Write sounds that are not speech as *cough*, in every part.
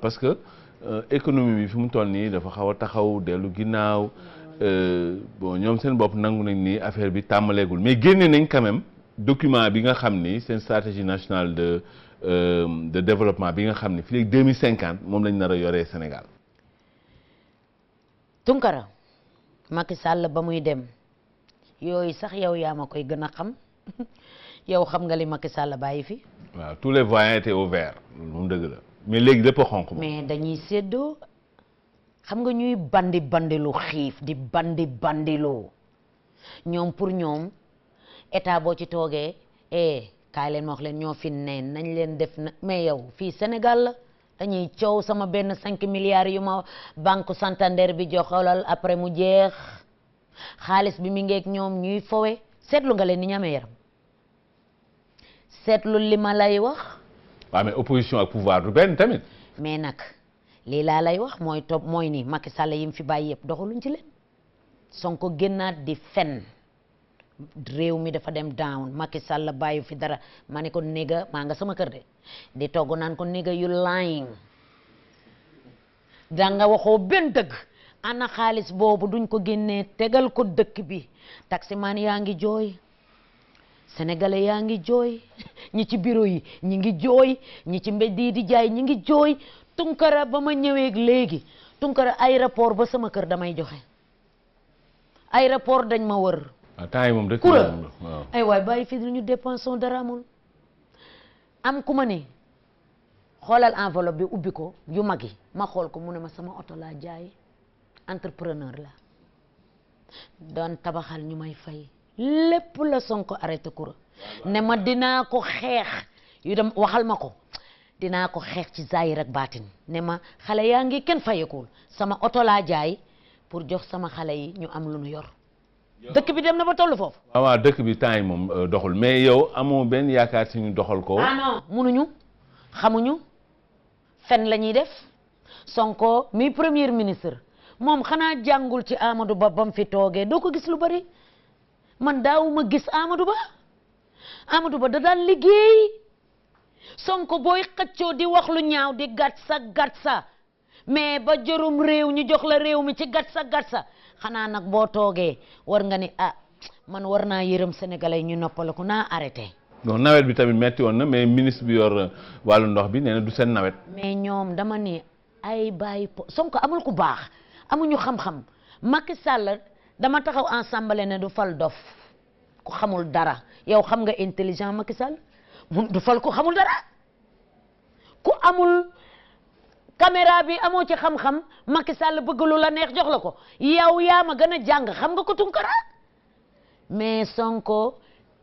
parce que euh, économie bi fi mu toll nii dafa xaw a taxaw dellu ginnaaw euh, bon ñoom seen bopp nangu nañ ni affaire bi tàmbaleegul mais génnee nañ quand document bi nga xam ni seen stratégie nationale de euh, de développement bi nga xam ni fii léegi 2050 moom lañ nar a yoree Sénégal. Tunkara Macky Sall ba muy dem yooyu sax yow yaa ma koy gën a xam *laughs* yow xam nga li Macky Sall bàyyi fi. waaw tous les voyants étaient au vert moom dëgg la. mais dañuy séddoo xam nga ñuy bandi bandilu xiif di bandi bandiloo ñoom pour ñoom état boo ci toogee eh kaay leen wax leen ñoo fi neen nañ leen def na mais yow fii Sénégal la dañuy coow sama benn cinq milliards yu ma banque Santander bi joxolal après mu jeex xaalis bi mi ngeeg ñoom ñuy fowe seetlu nga leen ni ñamee yaram seetlu li ma lay wax waaw mais opposition ak pouvoir du benn tamit. mais nag lii laa lay wax mooy topp mooy nii Macky sàll yi mu fi bàyyi yëpp doxaluñ ci leen Sonko génnaat di fen réew mi dafa dem down Macky sàll bàyyi fi dara ma ne ko néga maa nga sama kër de di togg naan ko néga yu lying danga waxoo benn dëgg ana xaalis boobu duñ ko génnee tegal ko dëkk bi taximaan yaa ngi jooy. sénégalais yaa ngi jooy ñi ci bureau yi ñi ngi jooy ñi ci mbedd yi di jaay ñi ngi jooy tunkara ba ma ñëwee léegi tunkara ay rapport ba sama kër damay joxe ay rapport dañ ma wër ah, kura ay waay bàyyi fi ñu dépensons dara amul am ku ma ne xoolal enveloppe bi ubbi ko yu mag yi ma xool ko mu ne ma sama oto laa jaay entrepreneur la doon tabaxal ñu may fay lépp la Sonko arrêté Coura ne ma dinaa ko xeex yu dem waxal ma ko dinaa ko xeex ci zaahir rek baatin ne ma xale yaa ngi kenn fayekul sama oto laa jaay pour jox sama xale yi ñu am lu nu yor dëkk bi dem na ba toll foofu waaw dëkk bi temps yi moom euh, doxul mais yow amu benn yaakaar si ñu doxal ko ah munuñu xamuñu fen la ñuy def Sonko mi premier ministre moom xanaa jàngul ci Amadou Ba bam fi toogee doo ko gis lu bari man daawuma gis Amadou Ba Amadou Ba da daan liggéey Sonko booy xëccoo di wax lu ñaaw di gatsa gatsa mais ba jërum réew ñu jox la réew mi ci gatsa gatsa xanaa nag boo toogee war nga ni ah man war naa yërëm sénégalais ñu noppal ko naa arrêté. non nawet bi tamit metti woon na mais ministre bi yor euh, wàllu ndox bi nee du seen nawet. mais ñoom dama ni ay bàyyi po Sonko amul ku baax amuñu xam-xam Macky Sall dama taxaw ensemble ne du fal dof ku xamul dara yow xam nga intelligent Macky Sall du fal ku xamul dara ku amul caméra bi amoo ci xam-xam Macky Sall bëgg lu la neex jox la ko yow yaa ma gën a jàng xam nga ko Tunkara mais Sonko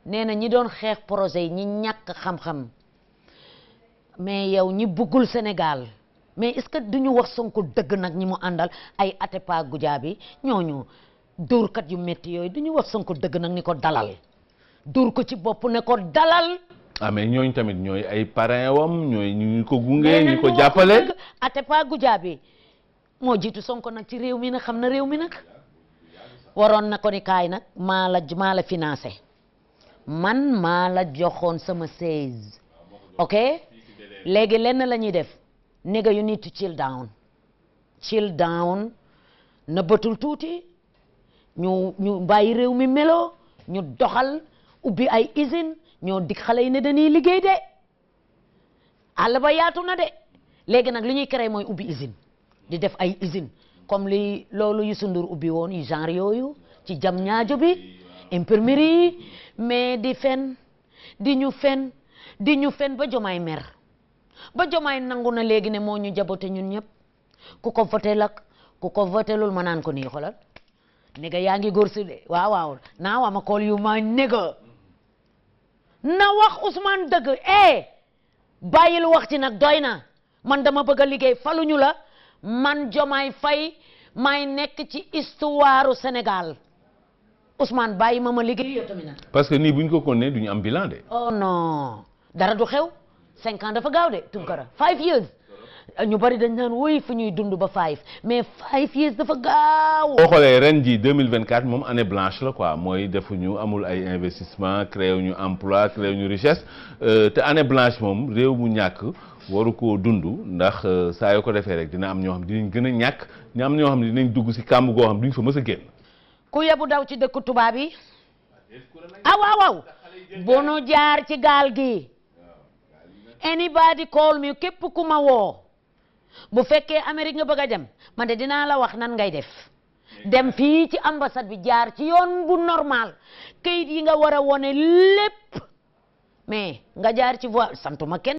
nee na ñi doon xeex projet yi ñi ñàkk xam-xam mais yow ñi bëggul Sénégal mais est-ce que duñu wax Sonko dëgg nag ñi mu àndal ay Atepa Goudiaby ñooñu dóorkat yu métti yooyu du wax Sonko dëgg nag ni ko dalal dóor ko ci bopp ne ko dalal ah ñooñ tamit ñooy ay parrain wam ñooy ñu ko gunge ñu ko jàppale Atepa Goudiaby moo jiitu Sonko nag ci réew mi nag xam na réew mi nag waroon na ko ni kaay nag maa la maa la financé man maa la joxoon sama seize ok léegi lenn lañuy def nigga you need to chill down chill down na bëtul tuuti ñu ñu bàyyi réew mi meloo ñu doxal ubbi ay usine ñoo dig xale yi ne dañuy liggéey de àll ba yaatu na de léegi nag li ñuy créé mooy ubbi usine di def ay usine comme li loolu yu sundur ubbi woon yu genre yooyu ci jam ñaajo bi imprimerie yi mais di fen di ñu fen di ñu fen ba jomaay mer ba jomaay nangu na léegi ne moo ñu jabote ñun ñëpp ku ko voté ku ko voté lul ma naan ko nii xolal nigga yaa ngi góor si de waaw waaw now I'ma call you my nigga na wax Ousmane dëgg eh bàyyil wax ci nag doy na man dama bëgg a liggéey faluñu la man jomay Fay may nekk ci histoire Sénégal Ousmane bàyyi ma ma liggéey yow tamit parce que nii buñ ko continuer duñu am bilan de. oh dara du xew cinq ans dafa gaaw de Tunkara five ñu bari dañ naan woy fu ñuy dund ba five mais five years dafa gaaw. boo xoolee ren jii 2024 moom année blanche la quoi mooy defu ñu amul ay investissement créé ñu emploi créé ñu richesse euh, te année blanche moom réew mu ñàkk waru ko dund ndax euh, saa yoo ko defee rek dina am ñoo xam dinañ gën a ñàkk ñu am ñoo xam ne dinañ dugg si kàmb goo xam duñ fa mës a génn. ku yebu daw ci dëkk tubaab yi. ah waaw waaw bu nu jaar ci gaal gi. anybody call me képp ku ma woo. bu fekkee Amérique nga bëgg a dem man de dinaa la wax nan ngay def dem fii ci ambassade bi jaar ci yoon bu normal kayit yi nga war a wone lépp mais nga jaar ci voie santuma kenn